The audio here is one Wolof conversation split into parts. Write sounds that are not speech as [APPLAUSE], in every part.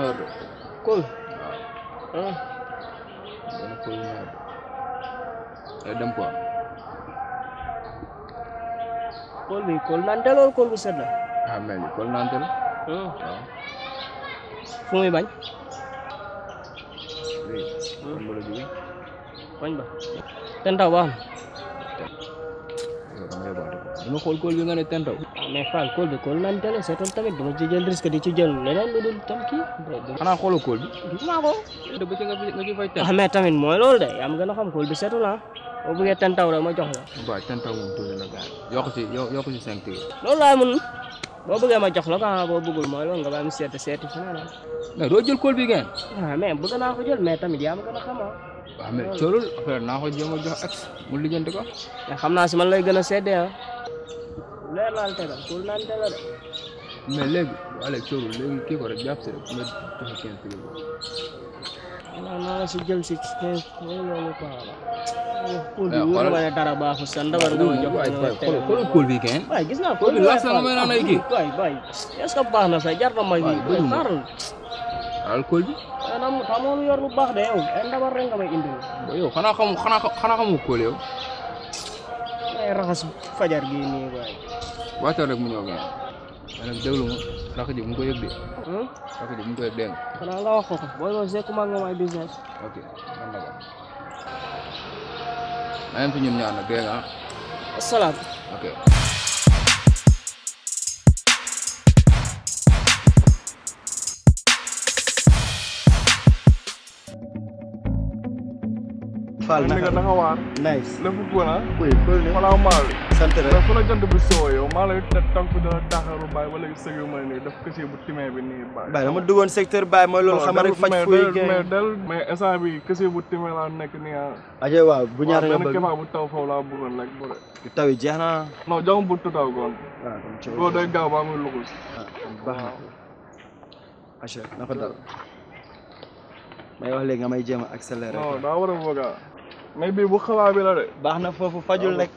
nada. Qual? Ah. Eu não colho nada. É dampo. Colhi, colhi nantel ou colhi seda? Ah, melhor, colhi nantel. Hum. Fumi bánh. Đi, con bolo đi. Bánh ba. Tên tàu ba. Rồi, con bolo ba. Nó khôi khôi cái này tên tàu. mais Fall kóol bi kóol tele seetoon tamit dama ci jël risque di ci jël leneen lu dul tam kii. xanaa xooloo kóol bi. gisuma ko. dëgg ci nga ci fay ten. a xam ah. taw ma jox la. waaw ten taw moom tuuti na gaal yokku ci yokku ci cinq mun boo bëggee ma jox la ko ah boo bëggul mooy loolu nga bàyyi mu seeti seeti feneen ah. mais doo jël kóol bi ngeen. ah mais bëgg naa ko jël mais tamit yaa ma gën a xam ah. waaw ah, mais coolul après naa ko jéem a jox ak mu lijjanti ko. mais xam naa si man lay gën a seddee ah. leer laal tegal pour naan tegal mais léegi Alex Sow léegi kii ko rek jàpp si rek nga joxe quinze kilos. non non si jël si quinze loolu quoi. pool bi wóor ma ne dara baaxul sa ndabar nga jox xoolal pool bi kenn. waay gis naa pool bi laas na may naan ay kii. waay waay est-ce que baax na sax jar na ma kii. waay xaaral. alcool bi. maanaam xamoon yor bu baax de yow ay ndabar rek nga may indil. yow xanaa xamu xanaa xanaa xamu kool yow. ay raxas fajar gii nii waay. watoore cho được ñoo gën man ak déglu ma rakk ji mu ko yëg de rakk ji cái ko yëg dégg xanaa nga wax ko ko booy ma sekk maa nga may business ok man la ko maa ngi fi ñun ñaar nag dégg nga ok Fala, nigga, na hora. Nice. Levo o cu, né? Foi, foi, né? Falar o mal. sant rek. mais fu la jant bi soo yow maa lay teg tànk da taxaru baay wala sëgyu ma nii daf ko ci bu timee bi nii baay. baay dama duggoon secteur baay mooy loolu xam rek faj fuy gay mais del mais instant bi kese bu timee laa nekk nii ah. aje waaw bu ñaar nga bëgg waaw bu taw foofu laa bëggoon rek bu dee. taw yi jeex na. non jàmm bu tutaw goon. waaw ah, kon coow loolu day gaaw baa muy luxus. waaw ah, baax na. ache na ko dal. may wax léegi nga may jéem a accéléré. non daa war a bëgg ah. mais bii bu xawaa bi la de. baax na foofu fajul rek.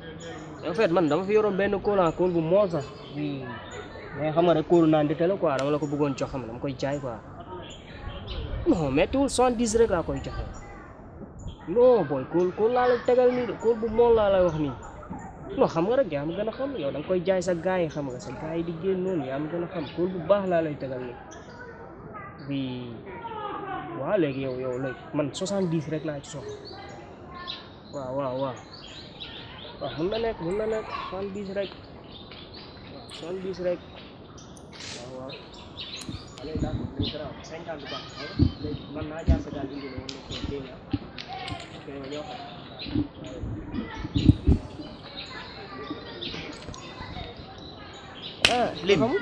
en fait man dama fi yoroon benn kóol ah kóol bu moo sax bi mais xam nga rek kóolu naan dite la quoi dama la ko bëggoon jox xam dama koy jaay ko non méttiwul soixante dix rek laa koy joxe non booy kóol la tegal lay wax nii non rek yaa ma gën a xam yow da nga koy jaay sa gars yi xam nga sa gars yi di génn noonu yaa ma gën a xam kóol bu baax laa lay tegal nii bi waaw léegi yow yow léegi man soixante dix rek laa ci soxla waaw Hundanek, Hundanek, Sean Bisrek. Sean Bisrek. Bahwa ada yang berita, saya kan lupa. Mana aja sekali di dalam meeting ya. Kayak yo. Ah, Lim. Kamu?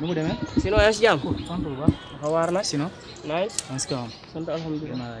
Kamu udah Sino es jam. Oh, santai, Bang. Hawarna. Sino. Nice. Nice, Kamu. Santai alhamdulillah.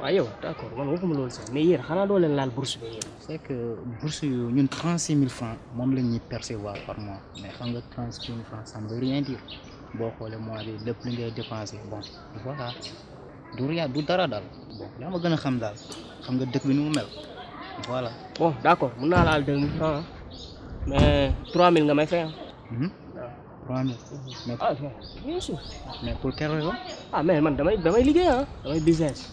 d'accord. On vous montre ça. Mais hier, quand on la bourse, c'est que bourse, on a 36 000 francs. Moi, je n'ai pas par mois. Mais quand on 000 francs, ça ne veut rien dire. Bon, le mois de dépensé. Bon, voilà. Duria, du taradal. Bon, là, on va faire un cam dal. Cam de mel. Voilà. Bon, d'accord. On a la deux francs. Hein. Mais 3 000, on 3 000, Mais pour quelle raison Ah, mais je suis en business.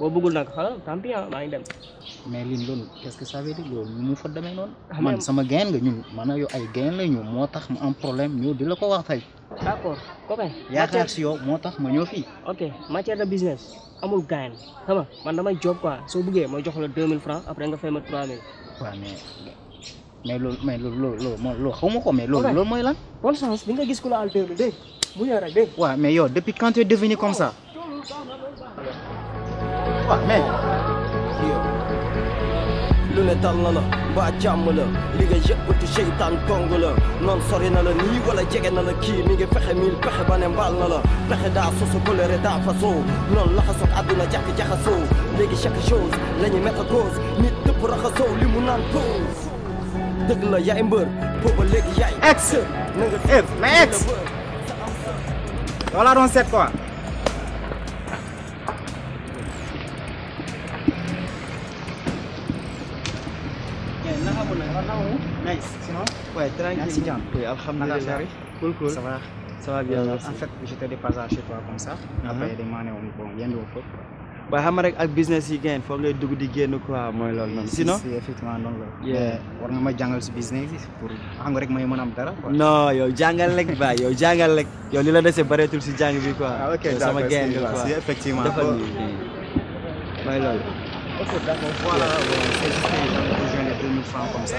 boo bëggul nag xaaral tant loolu que ça veut dire loolu mu fa demee noonu. man sama gain nga ñun maanaam yow ay gain la ñu moo tax mu am problème ñëw di ko wax tey. d'accord copain. si yow moo tax ma ñëw fii. ok matière de business amul gain xam nga man damay job quoi soo bëggee ma jox la 2000 francs après nga fay ma 3000. waaw mais mais loolu mais loolu xaw ma ko mais. loolu loolu mooy lan. bonne chance di nga gis ku la alterner dégg mu ñëw rek dégg. waaw mais yow depuis quand tu es devenu comme oh. ça. ماشي lu ne dal na la mbaa jàmm la li nga yëg bëtu seytaan dong la noon sori na la nii wala jege na la kii mi ngi fexe mil pexe ba ne mbaal na la pexe daa sosu colère daa fasoo noon laxasoog àdduna jàkk jaxasoo léegi chaque chose la ñu mettre cause nit dëpp raxasoo li mu naan pause dëgg la yaay mbër booba léegi yaay ex na nga ex mais ex voilà on sait quoi nice sinon ouais tranquille si oui cool cool ça va ça bien euh, en fait j'étais de passage chez toi comme ça uh-huh. après bon xam rek ak business yi gain foog dugg di génn quoi mooy loolu noonu sinon si effectivement noonu euh, yeah war nga ma jangal si business yi pour xam rek may mën am dara non yow jàngal rek ba yow jàngal rek yow li si jàng bi quoi ah, ok sama gain quoi si effectivement dafa ni ok d'accord voilà c'est juste que 2000 francs comme ça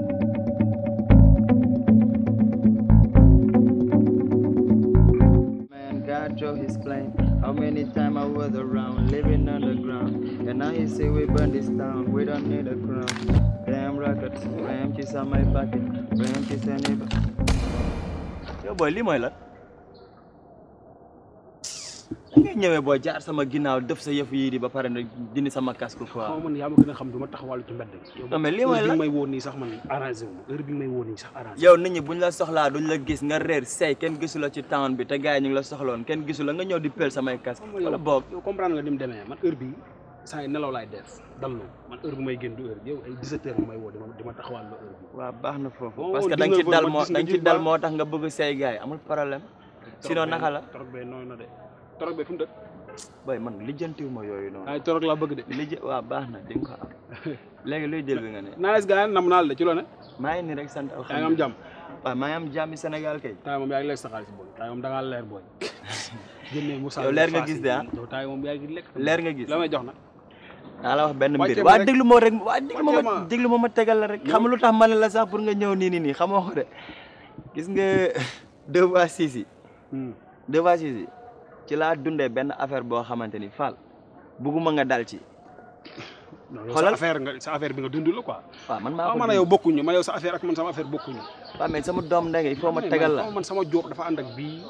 How many time I was around, living underground. And now you see we burn this town. we don't need a crown. Ram rockets, ram cheese on my pocket, ram cheese on your Yo, boy, leave my life. ngay ñëwee boo jaar sama ginnaaw def sa yëf yi di ba pare nag dindi sama casque quoi. xaw man yaa ma gën a xam du ma taxawal ci mbedd mi. non mais lii mooy la heure bi may woo nii sax man arrangé wu ma heure bi may woo nii sax arrangé. yow nit ñi buñ la soxlaa duñ la gis nga réer sey kenn gisu la ci town bi te gars ñu la soxloon kenn gisu nga ñëw di pel samay casque. wala boog yow comprendre nga ni mu man heure bi saa yi nelaw laay def dal man heure bu may génn du heure bi yow ay 17 heures bu may woo di ma taxawal la heure bi. waaw baax na foofu parce que danga ci dal moo danga ci dal moo nga bëgg sey gars amul problème naka la torog bi fu mu dëkk. bay man lijjantiwuma yooyu noonu. ay torog laa bëgg de. lijj waaw baax na di nga ko am [LAUGHS] léegi luy jël bi nga ne. naa les gars nam naal maa ngi nii rek sant alhamdulilah yaa ngi am jàmm. waaw maa ngi sa xaalis booy. taay da ngaa leer booy. génne Moussa yow leer nga gis de ah. taay moom yaa ngi leer nga gis la jox na. naa la wax benn mbir waa déglu ma rek waa déglu ma ma déglu ma tegal la rek xam lu tax ma la sax pour nga ñëw nii nii nii xamoo ko de gis nga [LAUGHS] deux voies six ci la dundé ben affaire bo xamanteni fal Fall bugguma nga dal ci. xoolal affaire nga sa affaire bi nga dundul la quoi. wa man ma ah, ko man yow bokkuñu man yow sa affaire ak man sama affaire bokkuñu. wa mais sama dom ndege ngay foma tégal la oh, man sama jox dafa and ak bi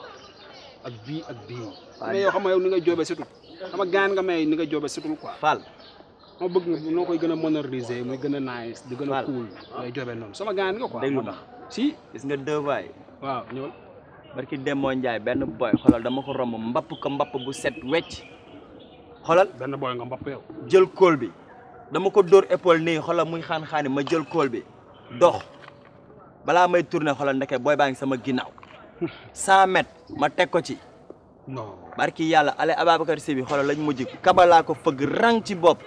ak bi ak bi mais yow xam nga yow ni nga jobé sétul sama gaan nga may ni nga jobé sétul quoi. fal ma bëgg nga no koy gëna a moderniser muy gën nice di gëna cool. ngay jobé non sama gaan nga quoi. dégg nga si gis nga deux voies. waaw ñëwal. barki Demba Ndiaye benn boy xoolal dama ko romb mbapp ko mbapp bu set wecc xoolal. benn boy nga jël kool bi dama ko dóor épol nii xoolal muy xaan xaani ma jël kool bi dox balaa may tourné xoolal ndeke booy baa ngi sama ginnaaw 100 ma teg ko ci. non barki yàlla ale Ababacar Si bi xoolal lañ mujj kabalaa ko fëgg rang ci bopp.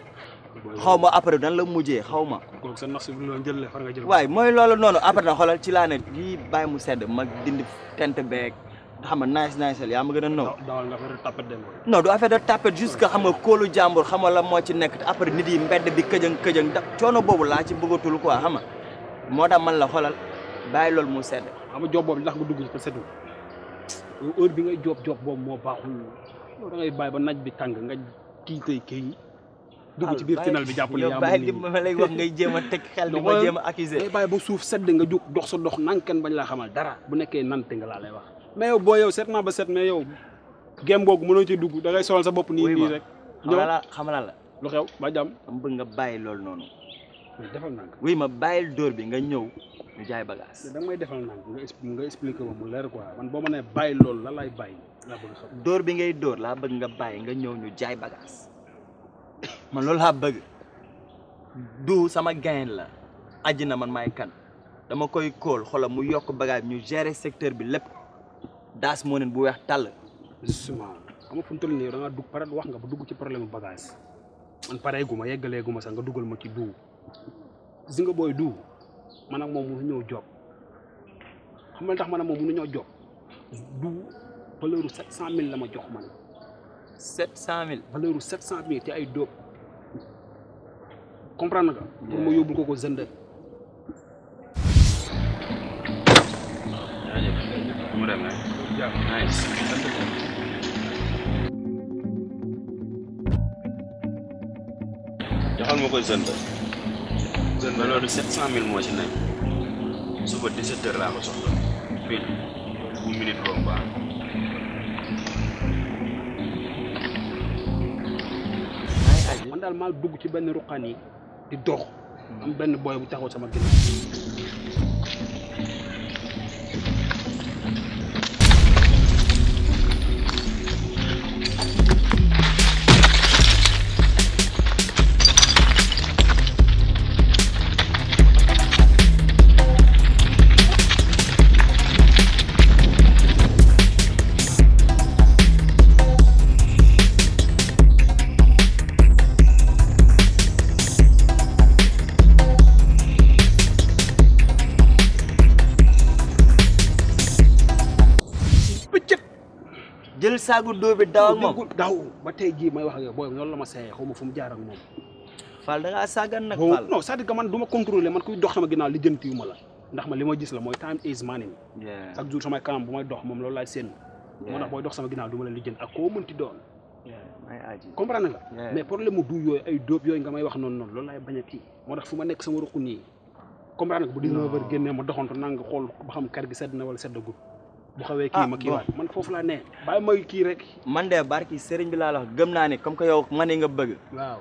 xaw ma après nan la mujjee xaw ma. kooku sa nax si bu ñu mooy loolu noonu après na xoolal ci laa ne lii bàyyi mu sedd ma dindi tent beeg xam nga nice nice yaa ma gën a nëw. daawal nga affaire de tapet dem. non du affaire de tapet juste que xam nga kóolu jàmbur xam nga la moo ci nekk après nit yi bi këjëng këjëng da coono boobu laa ci bëggatul quoi xam nga moo tax man la xoolal bàyyi loolu mu sedd. xam nga job boobu ndax nga dugg ci te seddul heure bi ngay job job boobu moo baaxul da ngay ba naaj bi tàng nga kii tey kii dugg ci biir tunnel bi jàpp ne yaa bàyyi li ma lay wax ngay jéem a teg xel di ma jéem a accuser day bàyyi ba suuf sedd nga jug dox sa dox nankan bañ laa xamal dara bu nekkee nante nga laa lay wax mais yow boo yow seet naa ba seet mais yow gem googu mënoo ci dugg da ngay solal sa bopp nii nii rek ñëw xamala la lu xew ba jàmm am bëgg nga bàyyi loolu noonu defal naa ko wuy ma bàyyil dóor bi nga ñëw ñu jaay bagage da nga may defal naa ko nga expliqué ma mu leer quoi man boo ma nee bàyyi loolu la lay bàyyi laa bëgg xam dóor bi ngay dóor laa bëgg nga bàyyi nga ñëw ñu jaay bagage man lol laa du sama gain la aji na man may kan dama koy kol xolam mu yok bagage ñu gérer secteur bi lepp das mo neen bu orang tal justement xam fu tul ni da nga dug pare wax nga bu dug ci problème bagage man pareegu guma yeggaleegu guma sa nga duggal ma ci du si nga man ak mom mu job xam nga tax man ak job du valeur 700000 jox man 700000 valeur 700000 te ay dóob comprendre nga. pour ma yóbbu ko ko Zender. joxal ma ko Zender. Zender loolu 700000 moo ci nekk suba 17 heures laa ko soxla. fii bu minute boobu baax man daal maa dugg ci benn ruqaan di dox hmm. am benn boy bu taxaw sama ginnaaw saagu dóor bi daw ak ba tey jii may wax ak yow la ma seeyee xaw ma fu jaar ak moom. Fall da ngaa nag. Fall non c'est-à-dire que man du ma contrôler man kuy dox sama ginnaaw li jënti yu ma la ndax ma li ma gis la mooy time is money. chaque jour samay kanam bu may dox moom loolu laay séen. moo tax dox sama ginnaaw du ma la li jënd ak koo mënti doon. comprendre nga mais problème mu du yooyu ay dóob yooyu nga may wax noonu noonu loolu laay bañ a kii moo tax fu ma nekk sama xool ba xam kar gi sedd na wala seddagut bu xawee kii ah, ma kii waat man foofu laa ne bàyyi ma kii rek man de barki sëriñ bi laa la gëm naa ne comme que yow ma ne nga bëgg waaw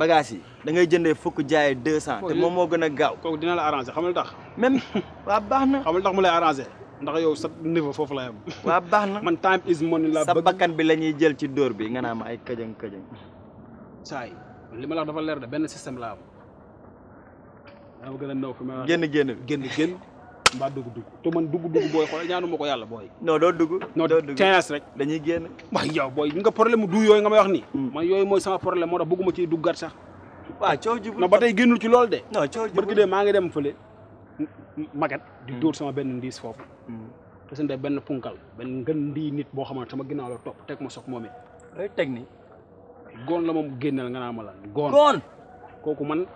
bagage yi da jëndee fukk jaaye deux cent te moom moo gën a gaaw kooku dina la arrangé xamal tax même waa baax na xamal tax mu lay arrangé ndax yow sa niveau foofu laa yam waa baax na man time is money la sa bakkan bi la ñuy jël ci dóor bi nga naa ma ay këjëng këjëng saay li ma la wax dafa leer benn système la am dama gën a naw fi mbaa dugg dugg boy, man dugg dugg booy xool ñaanu ma ko yàlla booy. non doo dugg. doo dugg non rek. dañuy génn. waaw yow booy nga problème mu du yooyu nga may wax nii. Mm. man yooyu mooy sama problème moo tax bëgguma ciy duggaat sax. waaw coow jubul non ba tey ci loolu de. non coow barki de maa ngi dem fële. magat di mm. dóor sama benn ndiis foofu. Mm. te seen benn punkal benn ngën ndii nit boo xamante sama ginnaaw la topp teg ma soog moom it. looy ni. goon la moom génneel nga naa ma la. goon goon kooku man.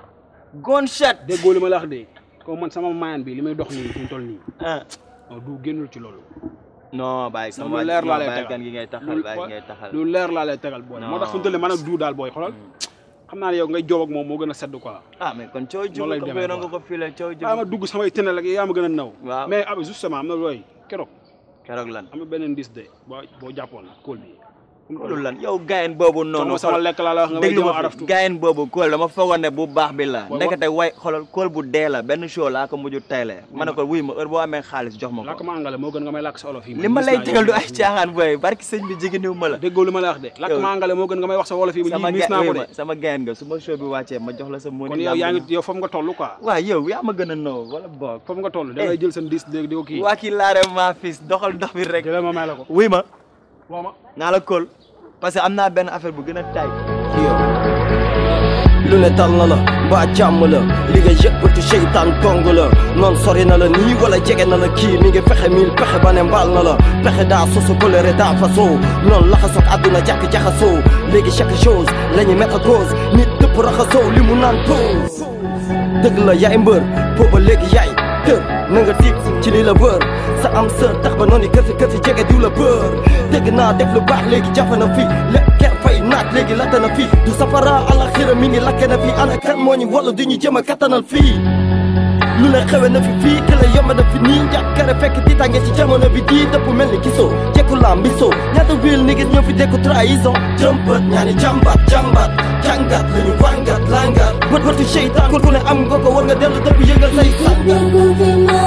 goon chat déggoo li la wax de ko man sama maan bi li may dox nii nii. Ah. non du génnul ci loolu. non bàyyi sama leer laa lay tegal gi ngay taxal bàyyi ngay taxal lu leer laa la tegal booy. moo tax fi mu mana nii du daal booy xoolal. Mm. xam naa ne yow ngay joob moom moo gën a sedd quoi. ah kon coow jub ko béyoon nga ko filé coow jub. Ah, ma dugg samay tënel ak yaa ma gën a naw. waaw mais ab ah, justement am na looy keroog. keroog lan am na beneen dis de boo boo jàppoon kool bi loolu lan yow gayen boobu noonu sama lekk laa la wax nga bu baax bi la ndekete way xoolal kool bu dee la benn show laa ko mujj tayle ma ne ko wuy ma heure xaalis jox ma ko làkk ma angale moo gën nga may ma la déggoo li ma la wax de làkk ma angale moo gën nga may wax sa olof yi gis gayen nga su ma bi wàccee ma jox la sa moni kon yow yaa ngi yow foofu nga a noo wala eh. ko waa kii maa fis doxal ndox bi rek wuy ma naa la kool parce que am naa benn affaire bu gën a tay lu ne tal na la ba jàmm la li nga yëg bëtu seytaan dong la noonu sori na la nii wala jege na la kii mi ngi fexe mil pexe ba ne mbaal na la pexe daa sosu colère daa fasoo noonu laxasoog àdduna jàkk jaxasoo léegi chaque chose la ñu mettre cause nit dëpp raxasoo li mu naan pause dëgg la yaay mbër booba léegi yaay. tër na nga ci lii la wër sa am sër tax ba noon kër si kër si jege diw la bër dégg naa def lu baax léegi jafe na fii lépp ker fay naat léegi latta na fii du safara alaxira mi ngi lakke na fii ana kan moo ñu wala du ñu jëm a kattanal fi lu la xewe na fi fii te la yomb na fi nii njàkkare fekk tiitaange ci jamono bi di dëpp mel ni gisoo jekku laam bi soo ñaata wil ni gis ñoo fi dekku trahison jëmbët ñaani jàmbat jàmbat jàngat lañu wàngat langar bët bëtu seytaan ku ne am nga ko war